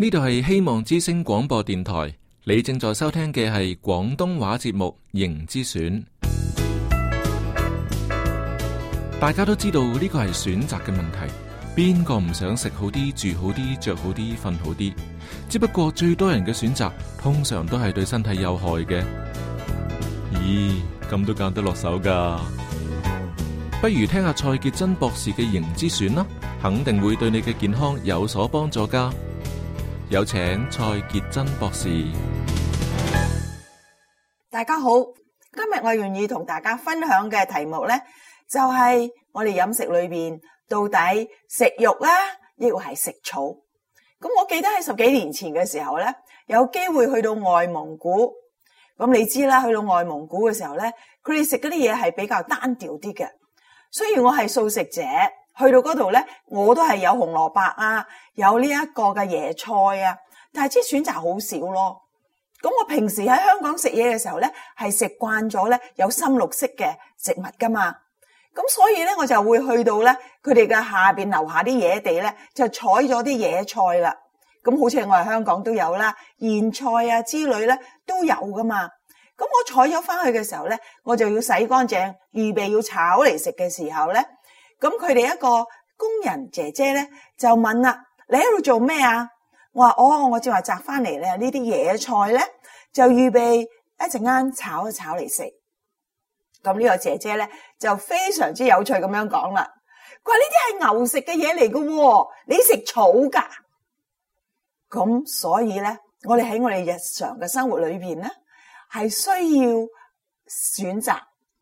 呢度係希望之星廣播電台，你正在收聽嘅係廣東話節目《營之選》。大家都知道呢、這個係選擇嘅問題，邊個唔想食好啲、住好啲、着好啲、瞓好啲？只不過最多人嘅選擇通常都係對身體有害嘅。咦，咁都揀得落手噶？不如聽下蔡潔真博士嘅《營之選》啦，肯定會對你嘅健康有所幫助噶。有請蔡杰真博士。大家好，今日我願意同大家分享嘅題目咧，就係我哋飲食裏邊到底食肉啦，亦或係食草。咁我記得喺十幾年前嘅時候咧，有機會去到外蒙古。咁你知啦，去到外蒙古嘅時候咧，佢哋食嗰啲嘢係比較單調啲嘅。雖然我係素食者。去到嗰度咧，我都係有紅蘿蔔啊，有呢一個嘅椰菜啊，但係啲選擇好少咯。咁我平時喺香港食嘢嘅時候咧，係食慣咗咧有深綠色嘅食物噶嘛。咁所以咧，我就會去到咧佢哋嘅下邊樓下啲野地咧，就採咗啲野菜啦。咁好似我喺香港都有啦，莧菜啊之類咧都有噶嘛。咁我採咗翻去嘅時候咧，我就要洗乾淨，預備要炒嚟食嘅時候咧。咁佢哋一個工人姐姐咧就問啦：你喺度做咩啊？我話：哦，我正話摘翻嚟咧呢啲野菜咧，就預備一陣間炒一炒嚟食。咁呢個姐姐咧就非常之有趣咁樣講啦。佢話呢啲係牛食嘅嘢嚟噶，你食草噶。咁所以咧，我哋喺我哋日常嘅生活裏邊咧，係需要選擇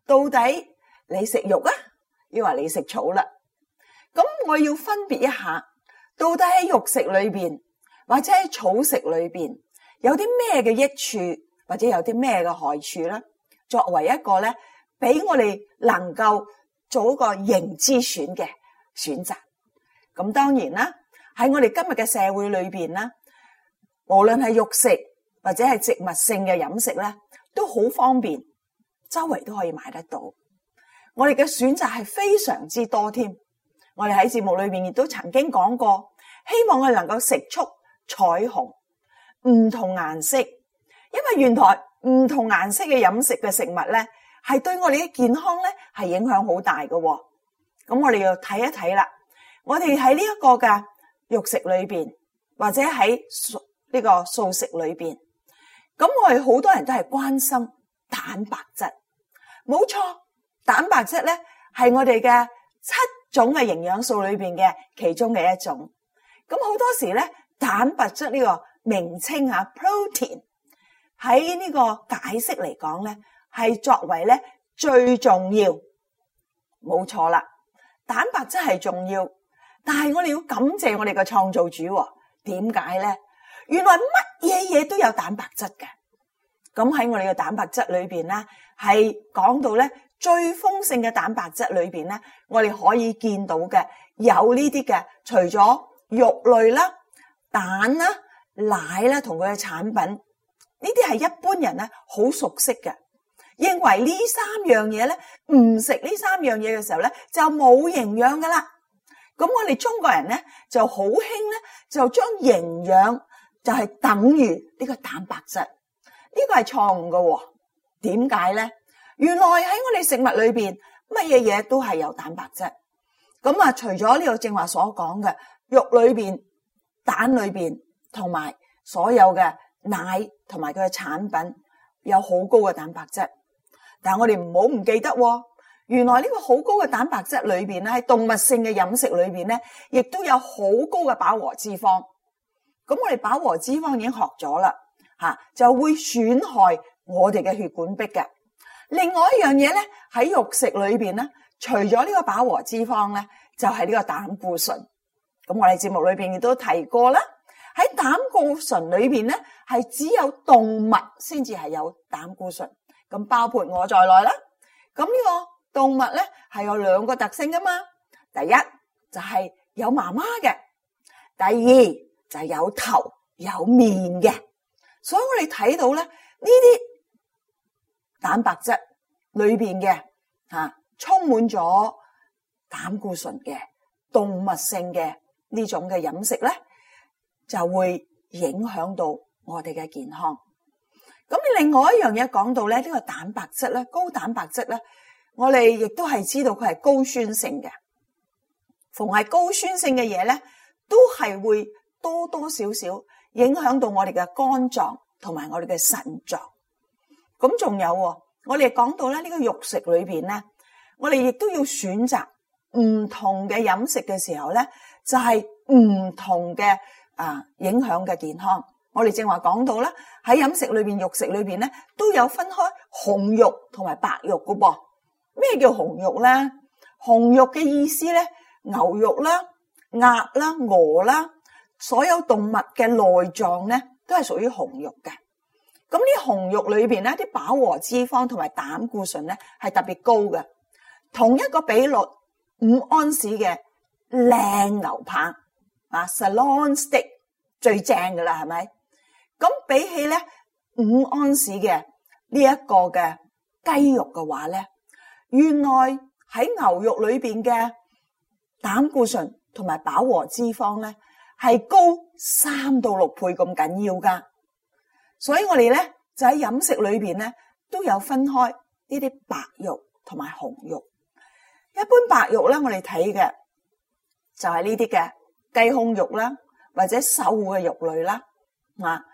到底你食肉啊？要話你食草啦，咁我要分別一下，到底喺肉食裏邊或者喺草食裏邊有啲咩嘅益處，或者有啲咩嘅害處咧？作為一個咧，俾我哋能夠做一個認知選嘅選擇。咁當然啦，喺我哋今日嘅社會裏邊啦，無論係肉食或者係植物性嘅飲食咧，都好方便，周圍都可以買得到。我哋嘅選擇係非常之多添，我哋喺節目裏面亦都曾經講過，希望我哋能夠食出彩虹，唔同顏色，因為原來唔同顏色嘅飲食嘅食物咧，係對我哋嘅健康咧係影響好大嘅。咁我哋要睇一睇啦，我哋喺呢一個嘅肉食裏邊，或者喺呢個素食裏邊，咁我哋好多人都係關心蛋白質，冇錯。蛋白質咧係我哋嘅七種嘅營養素裏邊嘅其中嘅一種。咁好多時咧，蛋白質呢個名稱啊，protein 喺呢個解釋嚟講咧係作為咧最重要，冇錯啦。蛋白質係重要，但係我哋要感謝我哋嘅創造主喎。點解咧？原來乜嘢嘢都有蛋白質嘅。咁喺我哋嘅蛋白質裏邊咧，係講到咧。最豐盛嘅蛋白質裏邊咧，我哋可以見到嘅有呢啲嘅，除咗肉類啦、蛋啦、奶啦同佢嘅產品，呢啲係一般人咧好熟悉嘅，認為呢三樣嘢咧，唔食呢三樣嘢嘅時候咧就冇營養噶啦。咁我哋中國人咧就好興咧，就將營養就係等於呢個蛋白質，這個，是錯誤，呢個係錯誤嘅。點解咧？原來喺我哋食物裏邊，乜嘢嘢都係有蛋白質。咁啊，除咗呢個正話所講嘅肉裏邊、蛋裏邊，同埋所有嘅奶同埋佢嘅產品，有好高嘅蛋白質。但係我哋唔好唔記得，原來呢個好高嘅蛋白質裏邊咧，喺動物性嘅飲食裏邊咧，亦都有好高嘅飽和脂肪。咁我哋飽和脂肪已經學咗啦，吓就會損害我哋嘅血管壁嘅。另外一樣嘢咧，喺肉食裏邊咧，除咗呢個飽和脂肪咧，就係呢個膽固醇。咁我哋節目裏邊亦都提過啦，喺膽固醇裏邊咧，係只有動物先至係有膽固醇。咁包括我在內啦。咁呢個動物咧，係有兩個特性噶嘛。第一就係有媽媽嘅，第二就係有頭有面嘅。所以我哋睇到咧呢啲，蛋白質裏邊嘅吓，充滿咗膽固醇嘅動物性嘅呢種嘅飲食咧，就會影響到我哋嘅健康。咁另外一樣嘢講到咧，呢個蛋白質咧，高蛋白質咧，我哋亦都係知道佢係高酸性嘅。逢係高酸性嘅嘢咧，都係會多多少少影響到我哋嘅肝臟同埋我哋嘅腎臟。咁仲有喎，我哋講到咧，呢個肉食裏邊咧，我哋亦都要選擇唔同嘅飲食嘅時候咧，就係唔同嘅啊，影響嘅健康。我哋正話講到啦喺飲食裏邊，肉食裏邊咧，都有分開紅肉同埋白肉噶噃。咩叫紅肉咧？紅肉嘅意思咧，牛肉啦、鴨啦、鵝啦，所有動物嘅內臟咧，都係屬於紅肉嘅。咁呢啲紅肉裏邊咧，啲飽和脂肪同埋膽固醇咧係特別高嘅。同一個比率五安士嘅靚牛排啊，sirloin steak 最正嘅啦，係咪？咁比起咧五安士嘅呢一個嘅雞肉嘅話咧，原來喺牛肉裏邊嘅膽固醇同埋飽和脂肪咧係高三到六倍咁緊要噶。所以我哋咧就喺飲食裏邊咧都有分開呢啲白肉同埋紅肉。一般白肉咧，我哋睇嘅就係呢啲嘅雞胸肉啦，或者瘦嘅肉類啦。吓！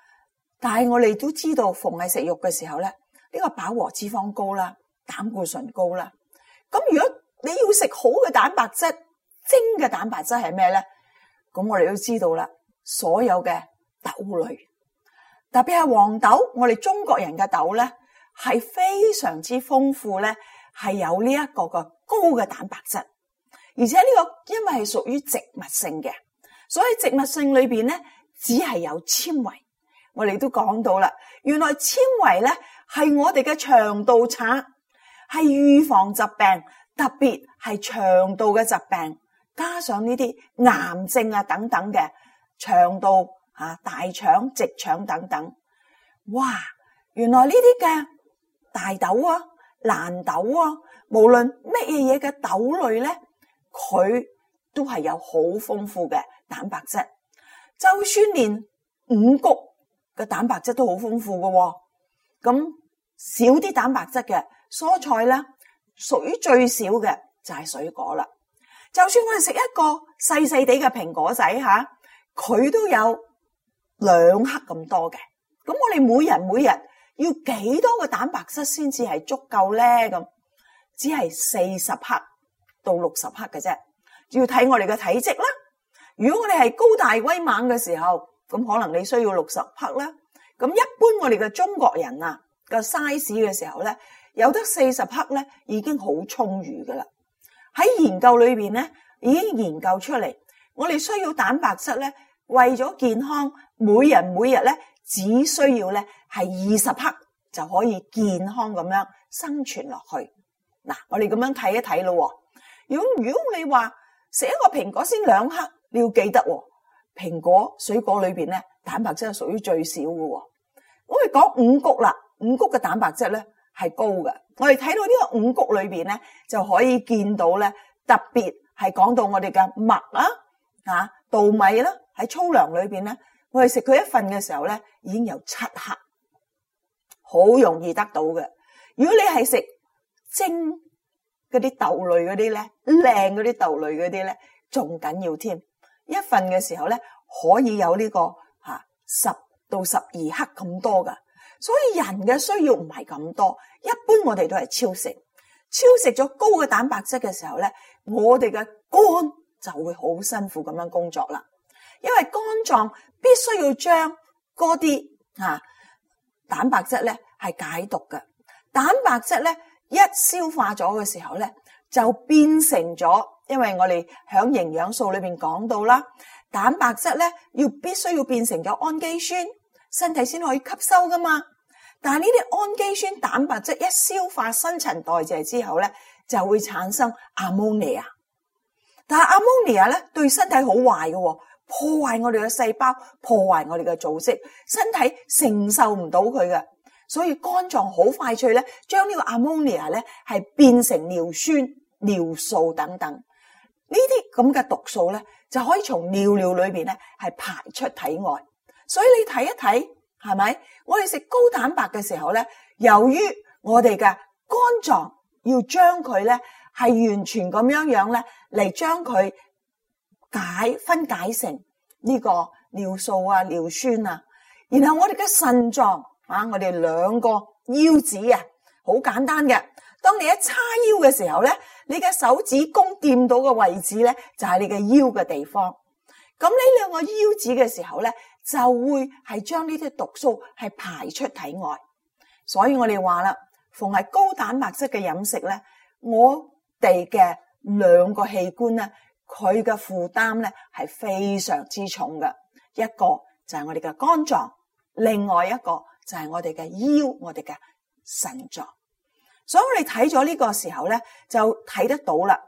但係我哋都知道，逢係食肉嘅時候咧，呢個飽和脂肪高啦，膽固醇高啦。咁如果你要食好嘅蛋白質，精嘅蛋白質係咩咧？咁我哋都知道啦，所有嘅豆類。特別係黃豆，我哋中國人嘅豆咧係非常之豐富咧，係有呢一個個高嘅蛋白質，而且呢個因為係屬於植物性嘅，所以植物性裏邊咧只係有纖維。我哋都講到啦，原來纖維咧係我哋嘅腸道產，係預防疾病，特別係腸道嘅疾病，加上呢啲癌症啊等等嘅腸道，吓大腸、直腸等等，哇！原來呢啲嘅大豆啊、爛豆啊，無論乜嘢嘢嘅豆類咧，佢都係有好豐富嘅蛋白質。就算連五穀嘅蛋白質都好豐富嘅，咁少啲蛋白質嘅蔬菜啦，屬於最少嘅就係水果啦。就算我哋食一個細細地嘅蘋果仔，吓佢都有。兩克咁多嘅，咁我哋每人每日要幾多個蛋白質先至係足夠咧？咁只係四十克到六十克嘅啫，要睇我哋嘅體積啦。如果我哋係高大威猛嘅時候，咁可能你需要六十克啦。咁一般我哋嘅中國人啊個 size 嘅時候咧，有得四十克咧已經好充裕噶啦。喺研究裏邊咧，已經研究出嚟，我哋需要蛋白質咧。為咗健康，每人每日咧只需要咧係二十克就可以健康咁樣生存落去。嗱，我哋咁樣睇一睇咯。如果如果你話食一個蘋果先兩克，你要記得蘋果水果裏邊咧蛋白質係屬於最少嘅。我哋講五穀啦，五穀嘅蛋白質咧係高嘅。我哋睇到呢個五穀裏邊咧就可以見到咧，特別係講到我哋嘅麥啦啊、稻米啦。喺粗糧裏邊咧，我哋食佢一份嘅時候咧，已經有七克，好容易得到嘅。如果你係食蒸嗰啲豆類嗰啲咧，靚嗰啲豆類嗰啲咧，仲緊要添。一份嘅時候咧，可以有呢、這個吓十、啊、到十二克咁多噶。所以人嘅需要唔係咁多，一般我哋都係超食，超食咗高嘅蛋白質嘅時候咧，我哋嘅肝就會好辛苦咁樣工作啦。因為肝臟必須要將嗰啲啊蛋白質咧係解毒嘅蛋白質咧一消化咗嘅時候咧就變成咗，因為我哋響營養素裏邊講到啦，蛋白質咧要必須要變成咗氨基酸，身體先可以吸收噶嘛。但係呢啲氨基酸蛋白質一消化新陳代謝之後咧就會產生阿摩尼亞，但係阿摩尼亞咧對身體好壞嘅，破壞我哋嘅細胞，破壞我哋嘅組織，身體承受唔到佢嘅，所以肝臟好快脆呢，將呢個 ammonia 呢係變成尿酸、尿素等等，呢啲咁嘅毒素呢，就可以從尿尿裏面呢係排出體外，所以你睇一睇，係咪？我哋食高蛋白嘅時候呢，由於我哋嘅肝臟要將佢呢係完全咁樣樣咧，嚟將佢解分解成呢個尿素啊、尿酸啊，然後我哋嘅腎臟啊，我哋兩個腰子啊，好簡單嘅。當你一叉腰嘅時候咧，你嘅手指公掂到嘅位置咧，就係你嘅腰嘅地方。咁呢兩個腰子嘅時候咧，就會係將呢啲毒素係排出體外。所以我哋話啦，逢係高蛋白質嘅飲食咧，我哋嘅兩個器官咧。佢嘅負擔咧係非常之重嘅，一個就係我哋嘅肝臟，另外一個就係我哋嘅腰，我哋嘅腎臟。所以我哋睇咗呢個時候咧，就睇得到啦。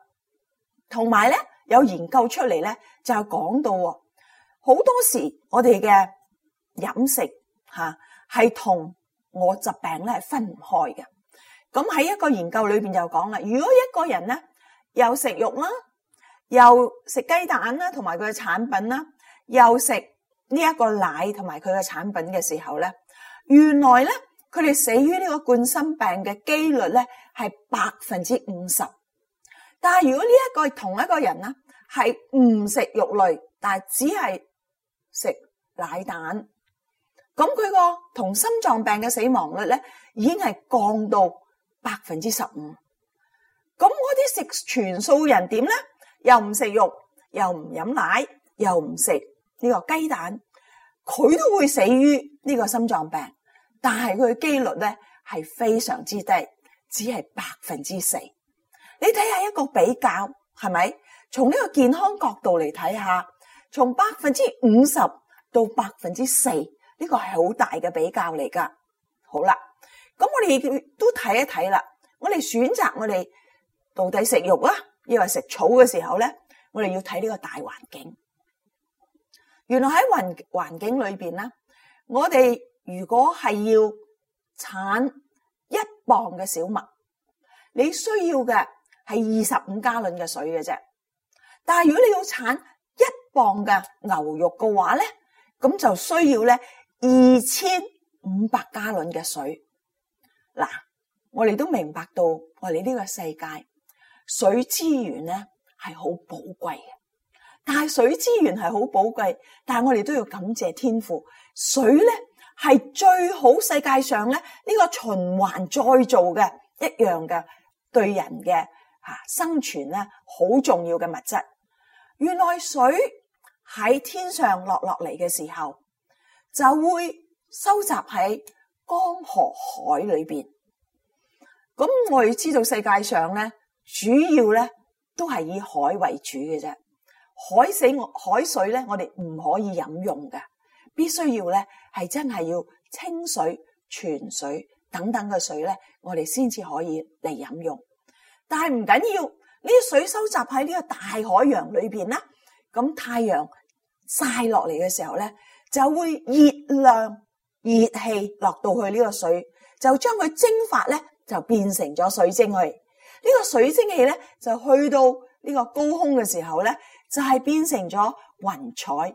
同埋咧，有研究出嚟咧，就講到好多時我哋嘅飲食吓係同我疾病咧係分唔開嘅。咁喺一個研究裏邊就講啦，如果一個人咧又食肉啦。又食雞蛋啦，同埋佢嘅產品啦，又食呢一個奶同埋佢嘅產品嘅時候咧，原來咧佢哋死於呢個冠心病嘅幾率咧係百分之五十。但係如果呢一個同一個人啦，係唔食肉類，但係只係食奶蛋，咁佢個同心臟病嘅死亡率咧已經係降到百分之十五。咁嗰啲食全素人點咧？又唔食肉，又唔飲奶，又唔食呢個雞蛋，佢都會死於呢個心臟病。但係佢嘅幾率咧係非常之低，只係百分之四。你睇下一個比較，係咪？從呢個健康角度嚟睇下，從百分之五十到百分之四，呢個係好大嘅比較嚟噶。好啦，咁我哋都睇一睇啦。我哋選擇我哋到底食肉啦。因為食草嘅時候咧，我哋要睇呢個大環境。原來喺環環境裏邊呢，我哋如果係要產一磅嘅小麥，你需要嘅係二十五加侖嘅水嘅啫。但係如果你要產一磅嘅牛肉嘅話咧，咁就需要咧二千五百加侖嘅水。嗱，我哋都明白到我哋呢個世界。水資源咧係好寶貴嘅，但係水資源係好寶貴，但係我哋都要感謝天父。水咧係最好世界上咧呢個循環再造嘅一樣嘅對人嘅吓生存咧好重要嘅物質。原來水喺天上落落嚟嘅時候，就會收集喺江河海裏邊。咁我哋知道世界上咧。主要咧都係以海為主嘅啫，海死海水咧，我哋唔可以飲用嘅，必須要咧係真係要清水、泉水等等嘅水咧，我哋先至可以嚟飲用。但係唔緊要，呢啲水收集喺呢個大海洋裏邊啦，咁太陽曬落嚟嘅時候咧，就會熱量、熱氣落到去呢個水，就將佢蒸發咧，就變成咗水蒸氣。呢個水蒸氣咧就去到呢個高空嘅時候咧，就係變成咗雲彩。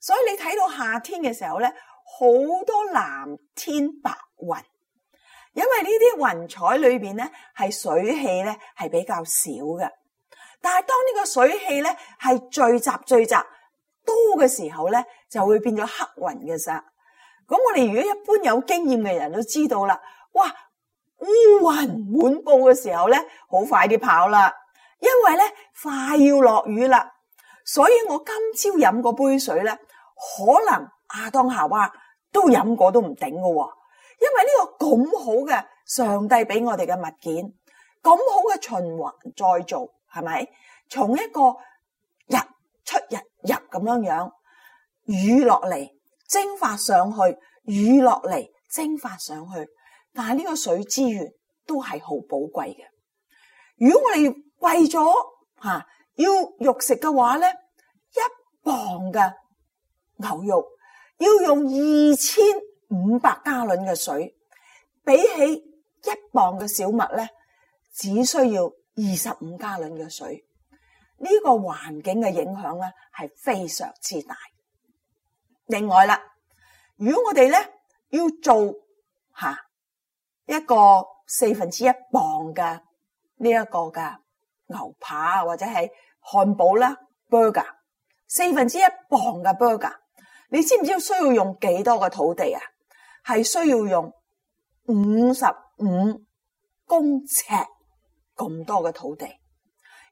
所以你睇到夏天嘅時候咧，好多藍天白雲。因為呢啲雲彩裏邊咧，係水汽咧，係比較少嘅，但係當呢個水汽咧係聚集聚集多嘅時候咧，就會變咗黑雲嘅時候。咁我哋如果一般有經驗嘅人都知道啦，哇！烏雲滿布嘅時候咧，好快啲跑啦，因為咧快要落雨啦，所以我今朝飲個杯水咧，可能阿當夏娃都飲過都唔頂喎，因為呢個咁好嘅上帝俾我哋嘅物件，咁好嘅循環再造，係咪？從一個日出日入咁樣樣，雨落嚟，蒸發上去，雨落嚟，蒸發上去。但係呢個水資源都係好寶貴嘅。如果我哋為咗吓要肉食嘅話咧，一磅嘅牛肉要用二千五百加侖嘅水，比起一磅嘅小麥咧，只需要二十五加侖嘅水。呢個環境嘅影響咧係非常之大。另外啦，如果我哋咧要做吓。一個四分之一磅嘅，呢一個嘅牛扒，或者係漢堡啦，burger，四分之一磅嘅 burger，你知唔知需要用幾多嘅土地啊？係需要用五十五公尺咁多嘅土地。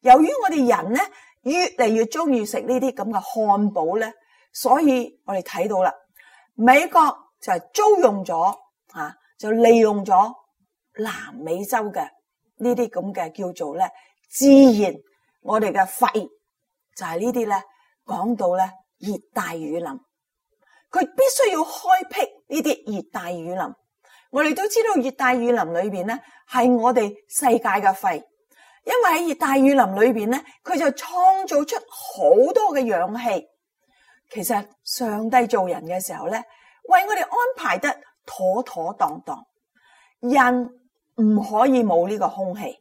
由於我哋人咧越嚟越中意食呢啲咁嘅漢堡咧，所以我哋睇到啦，美國就係租用咗就利用咗南美洲嘅呢啲咁嘅叫做咧，自然我哋嘅肺就係呢啲咧講到咧熱帶雨林，佢必須要開闢呢啲熱帶雨林。我哋都知道熱帶雨林裏邊咧係我哋世界嘅肺，因為喺熱帶雨林裏邊咧，佢就創造出好多嘅氧氣。其實上帝造人嘅時候咧，為我哋安排得。妥妥當當，人唔可以冇呢個空氣。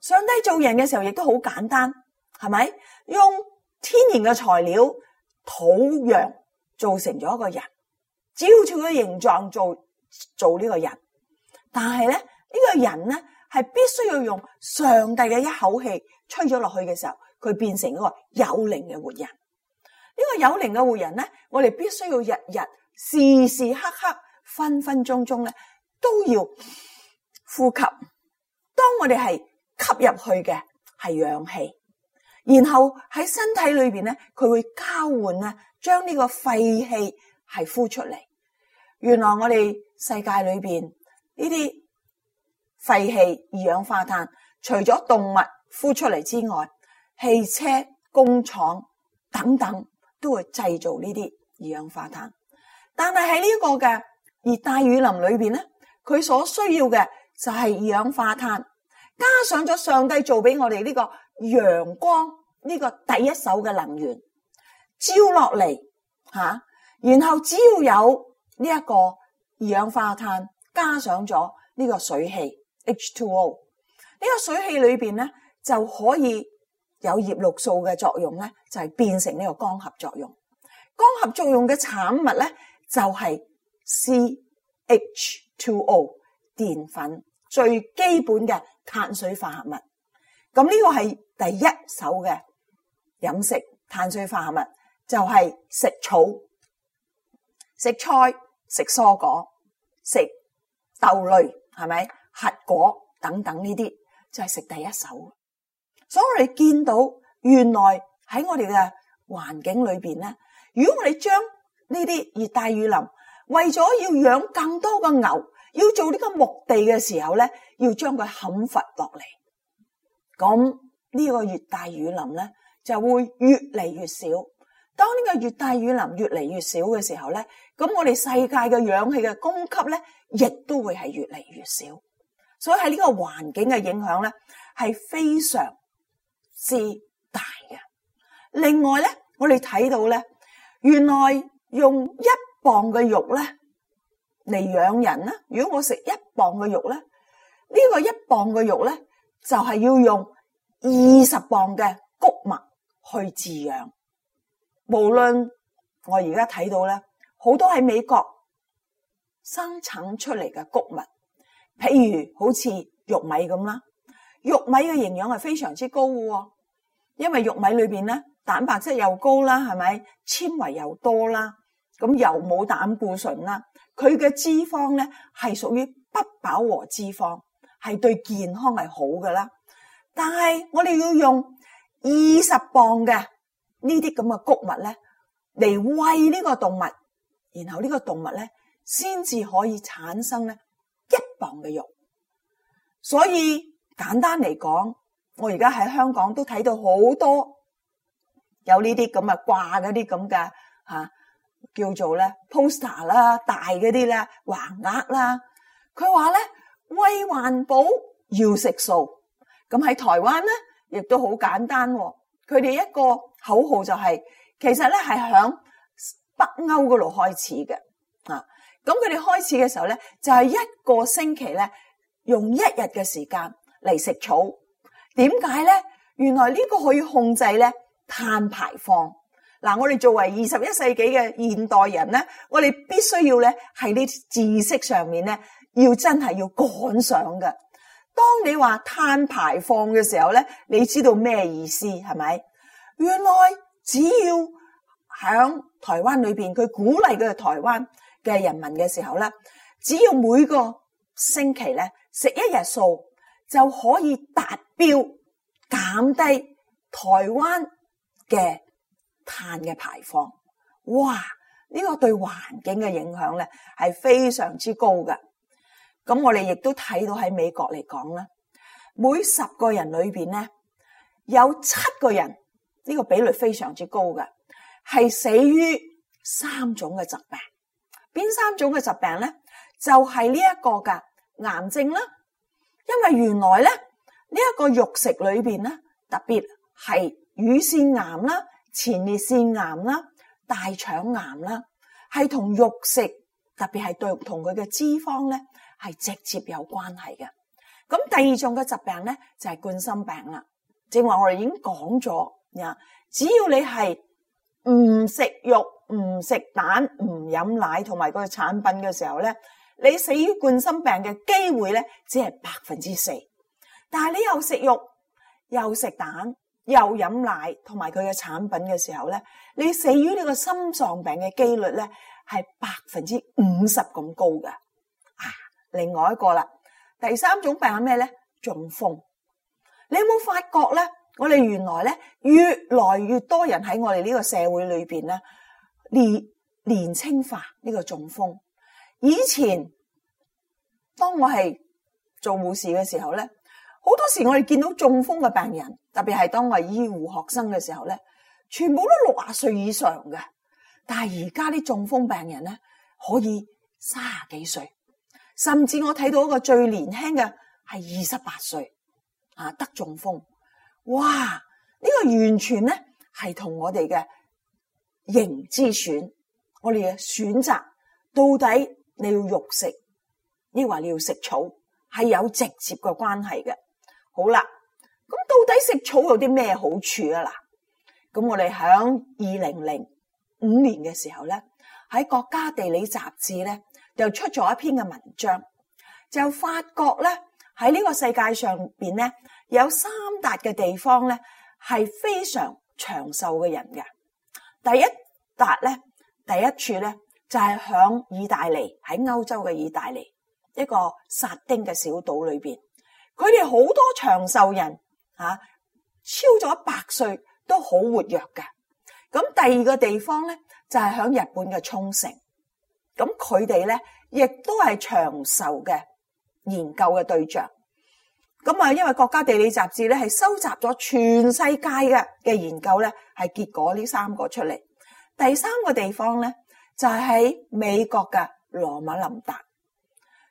上帝做人嘅時候亦都好簡單，係咪？用天然嘅材料、土壤做成咗一個人，照佢嘅形狀做做呢個人。但係咧，呢個人咧係必須要用上帝嘅一口氣吹咗落去嘅時候，佢變成一個有靈嘅活人。呢個有靈嘅活人咧，我哋必須要日日時時刻刻。分分鐘鐘咧都要呼吸，當我哋係吸入去嘅係氧氣，然後喺身體裏邊咧，佢會交換咧，將呢個廢氣係呼出嚟。原來我哋世界裏邊呢啲廢氣二氧化碳，除咗動物呼出嚟之外，汽車、工廠等等都會製造呢啲二氧化碳，但係喺呢個嘅。熱帶雨林裏邊呢，佢所需要嘅就係二氧化碳，加上咗上帝做俾我哋呢個陽光呢個第一手嘅能源，照落嚟吓，然後只要有呢一個二氧化碳，加上咗呢個水汽 H2O 呢個水汽裏邊呢，就可以有葉綠素嘅作用呢，就係變成呢個光合作用。光合作用嘅產物呢，就係。CH2O 澱粉，最基本嘅碳水化合物，咁呢個係第一手嘅飲食碳水化合物，就係食草、食菜、食蔬果、食豆類，係咪核果等等呢啲，就係食第一手。所以我哋見到原來喺我哋嘅環境裏邊咧，如果我哋將呢啲熱帶雨林，為咗要養更多嘅牛，要做呢個牧地嘅時候咧，要將佢砍伐落嚟。咁呢個熱帶雨林咧，就會越嚟越少。當呢個熱帶雨林越嚟越少嘅時候咧，咁我哋世界嘅氧氣嘅供給咧，亦都會係越嚟越少。所以喺呢個環境嘅影響咧，係非常之大嘅。另外咧，我哋睇到咧，原來用一磅嘅肉咧嚟養人啦，如果我食一磅嘅肉咧，這個、肉呢個一磅嘅肉咧就係、是、要用二十磅嘅穀物去飼養。無論我而家睇到咧，好多喺美國生產出嚟嘅穀物，譬如好似玉米咁啦，玉米嘅營養係非常之高喎，因為玉米裏邊咧蛋白質又高啦，係咪？纖維又多啦，咁又冇膽固醇啦，佢嘅脂肪咧係屬於不飽和脂肪，係對健康係好嘅啦。但係我哋要用二十磅嘅呢啲咁嘅穀物咧嚟餵呢個動物，然後呢個動物咧先至可以產生咧一磅嘅肉。所以簡單嚟講，我而家喺香港都睇到好多有呢啲咁嘅掛嗰啲咁嘅叫做咧 poster 啦，大嗰啲咧橫額啦。佢話咧為環保要食素。咁喺台灣咧，亦都好簡單。佢哋一個口號就係，其實咧係響北歐嗰度開始嘅啊。咁佢哋開始嘅時候咧，就係一個星期咧用一日嘅時間嚟食草。點解咧？原來呢個可以控制咧碳排放。嗱，我哋作為二十一世紀嘅現代人咧，我哋必須要咧喺呢啲知識上面咧，要真係要趕上嘅。當你話碳排放嘅時候咧，你知道咩意思係咪？原來只要響台灣裏邊，佢鼓勵嘅台灣嘅人民嘅時候咧，只要每個星期咧食一日素，就可以達標減低台灣嘅。碳嘅排放，哇！呢個對環境嘅影響咧，係非常之高嘅。咁我哋亦都睇到喺美國嚟講啦，每十個人裏邊咧，有七個人呢個比率非常之高嘅，係死於三種嘅疾病。邊三種嘅疾病咧，就係呢一個嘅癌症啦。因為原來咧，呢一個肉食裏邊咧，特別係乳腺癌啦。前列腺癌啦、大腸癌啦，係同肉食，特別係對同佢嘅脂肪咧，係直接有關係嘅。咁第二種嘅疾病咧，就係冠心病啦。正話我哋已經講咗，呀，只要你係唔食肉、唔食蛋、唔飲奶同埋個產品嘅時候咧，你死於冠心病嘅機會咧，只係百分之四。但係你又食肉又食蛋，又飲奶同埋佢嘅產品嘅時候咧，你死於呢個心臟病嘅幾率咧，係百分之五十咁高嘅。啊，另外一個啦，第三種病係咩咧？中風。你有冇發覺咧？我哋原來咧，越來越多人喺我哋呢個社會裏邊咧，年年輕化呢個中風。以前，當我係做護士嘅時候咧，好多時我哋見到中風嘅病人。特別係當我係醫護學生嘅時候咧，全部都六十歲以上嘅。但係而家啲中風病人咧，可以卅幾歲，甚至我睇到一個最年輕嘅係二十八歲，啊得中風。哇！呢、這個完全咧係同我哋嘅營之選，我哋嘅選擇到底你要肉食，抑或你要食草，係有直接嘅關係嘅。好啦。咁到底食草有啲咩好處啊？嗱，咁我哋響二零零五年嘅時候咧，喺國家地理雜誌咧就出咗一篇嘅文章，就發覺咧喺呢個世界上邊咧有三笪嘅地方咧係非常長壽嘅人嘅。第一笪咧，第一處咧就係響意大利，喺歐洲嘅意大利一個撒丁嘅小島裏邊，佢哋好多長壽人。嚇，超咗一百歲都好活躍嘅。咁第二個地方咧，就係響日本嘅沖繩。咁佢哋咧，亦都係長壽嘅研究嘅對象。咁啊，因為國家地理雜誌咧，係收集咗全世界嘅嘅研究咧，係結果呢三個出嚟。第三個地方咧，就係喺美國嘅羅馬林達，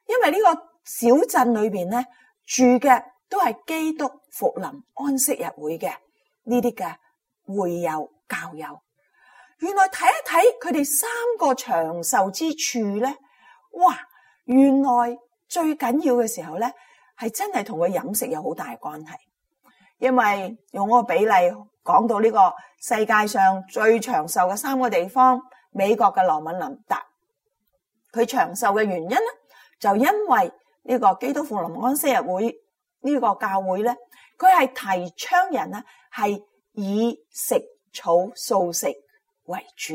因為呢個小鎮裏邊咧住嘅。都係基督復臨安息日會嘅呢啲嘅會友教友，原來睇一睇佢哋三個長壽之處咧，哇！原來最緊要嘅時候咧，係真係同佢飲食有好大關係，因為用嗰個比例講到呢個世界上最長壽嘅三個地方，美國嘅羅文林達，佢長壽嘅原因咧，就因為呢個基督復臨安息日會。呢個教會咧，佢係提倡人咧係以食草素食為主，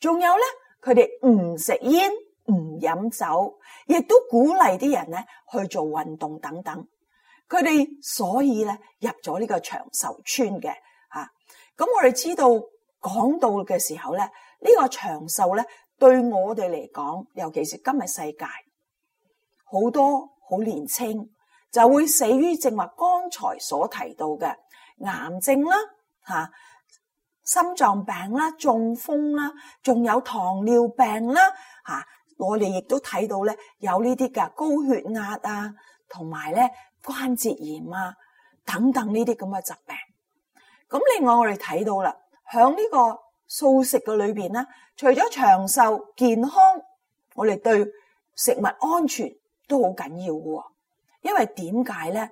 仲有咧佢哋唔食煙唔飲酒，亦都鼓勵啲人咧去做運動等等。佢哋所以咧入咗呢個長壽村嘅吓。咁我哋知道講到嘅時候咧，呢個長壽咧對我哋嚟講，尤其是今日世界，好多好年輕。就會死於正話剛才所提到嘅癌症啦，嚇，心臟病啦，中風啦，仲有糖尿病啦，嚇，我哋亦都睇到咧有呢啲嘅高血壓啊，同埋咧關節炎啊等等呢啲咁嘅疾病。咁另外我哋睇到啦，響呢個素食嘅裏邊咧，除咗長壽健康，我哋對食物安全都好緊要嘅喎。因為點解咧？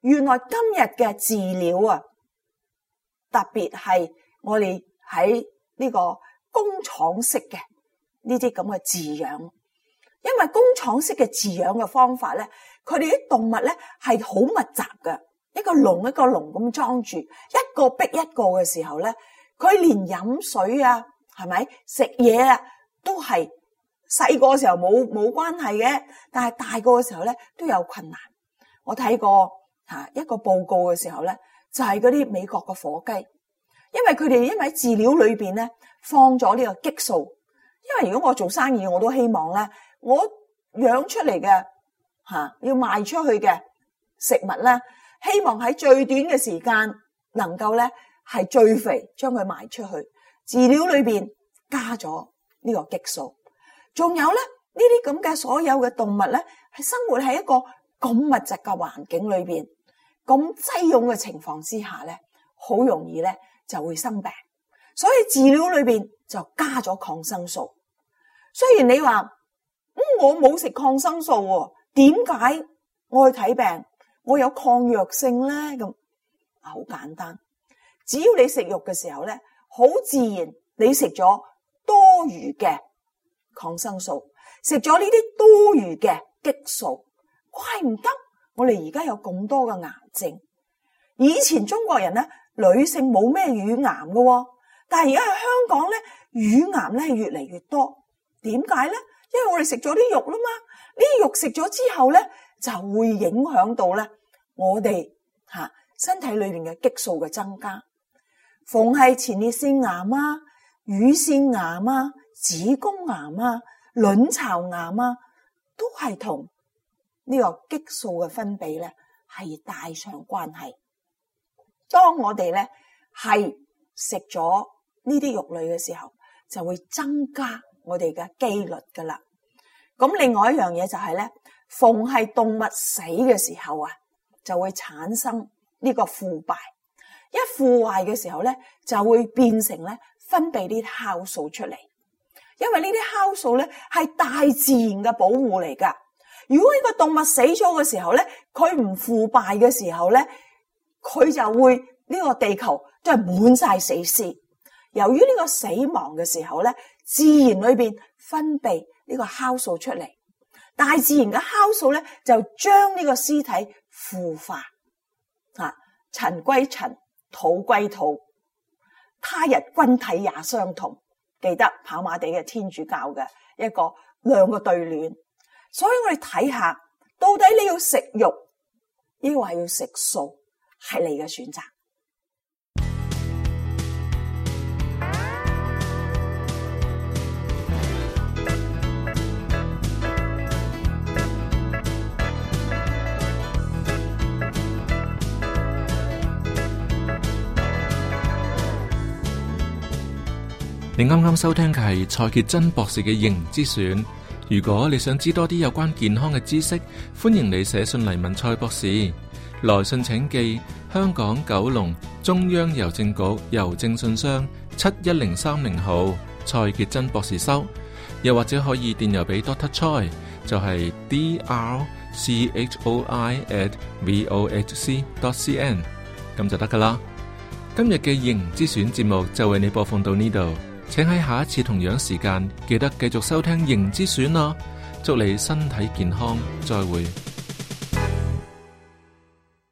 原來今日嘅飼料啊，特別係我哋喺呢個工廠式嘅呢啲咁嘅飼養，因為工廠式嘅飼養嘅方法咧，佢哋啲動物咧係好密集嘅，一個籠一個籠咁裝住，一個逼一個嘅時候咧，佢連飲水啊，係咪？食嘢啊，都係。細個時候冇冇關係嘅，但係大個嘅時候咧都有困難。我睇過吓一個報告嘅時候咧，就係嗰啲美國嘅火雞，因為佢哋因為喺飼料裏邊咧放咗呢個激素。因為如果我做生意，我都希望咧，我養出嚟嘅吓要賣出去嘅食物咧，希望喺最短嘅時間能夠咧係最肥，將佢賣出去。飼料裏邊加咗呢個激素。仲有咧，呢啲咁嘅所有嘅動物咧，係生活喺一個咁密集嘅環境裏邊，咁擠擁嘅情況之下咧，好容易咧就會生病，所以飼料裏邊就加咗抗生素。雖然你話，咁我冇食抗生素喎，點解我去睇病我有抗藥性咧？咁啊，好簡單，只要你食肉嘅時候咧，好自然，你食咗多餘嘅。抗生素食咗呢啲多餘嘅激素，怪唔得我哋而家有咁多嘅癌症。以前中國人咧，女性冇咩乳癌嘅。哦，但係而家喺香港咧，乳癌咧越嚟越多。點解咧？因為我哋食咗啲肉啦嘛，呢啲肉食咗之後咧，就會影響到咧我哋吓、啊、身體裏邊嘅激素嘅增加。逢係前列腺癌啊乳腺癌啊、子宮癌啊、卵巢癌啊，都係同呢個激素嘅分泌咧係帶上關係。當我哋咧係食咗呢啲肉類嘅時候，就會增加我哋嘅機率㗎喇。咁另外一樣嘢就係咧，逢係動物死嘅時候啊，就會產生呢個腐敗。一腐壞嘅時候咧，就會變成咧。分泌啲酵素出嚟，因為呢啲酵素咧係大自然嘅保護嚟噶。如果呢個動物死咗嘅時候咧，佢唔腐敗嘅時候咧，佢就會呢個地球都係滿晒死屍。由於呢個死亡嘅時候咧，自然裏邊分泌呢個酵素出嚟，大自然嘅酵素咧就將呢個屍體腐化，啊，塵歸塵，土歸土。他日君體也相同，記得跑馬地嘅天主教嘅一個兩個對聯，所以我哋睇下到底你要食肉，抑或要食素，係你嘅選擇。你啱啱收聽嘅係蔡杰真博士嘅《營之選》。如果你想知多啲有關健康嘅知識，歡迎你寫信嚟問蔡博士。來信請寄香港九龍中央郵政局郵政信箱七一零三零號，蔡杰真博士收。又或者可以電郵俾 Dr. Choi，就係 D R C H O I at V O H C dot C N。請喺下一次同樣時間記得繼續收聽《贏之選》咯！祝你身體健康，再會。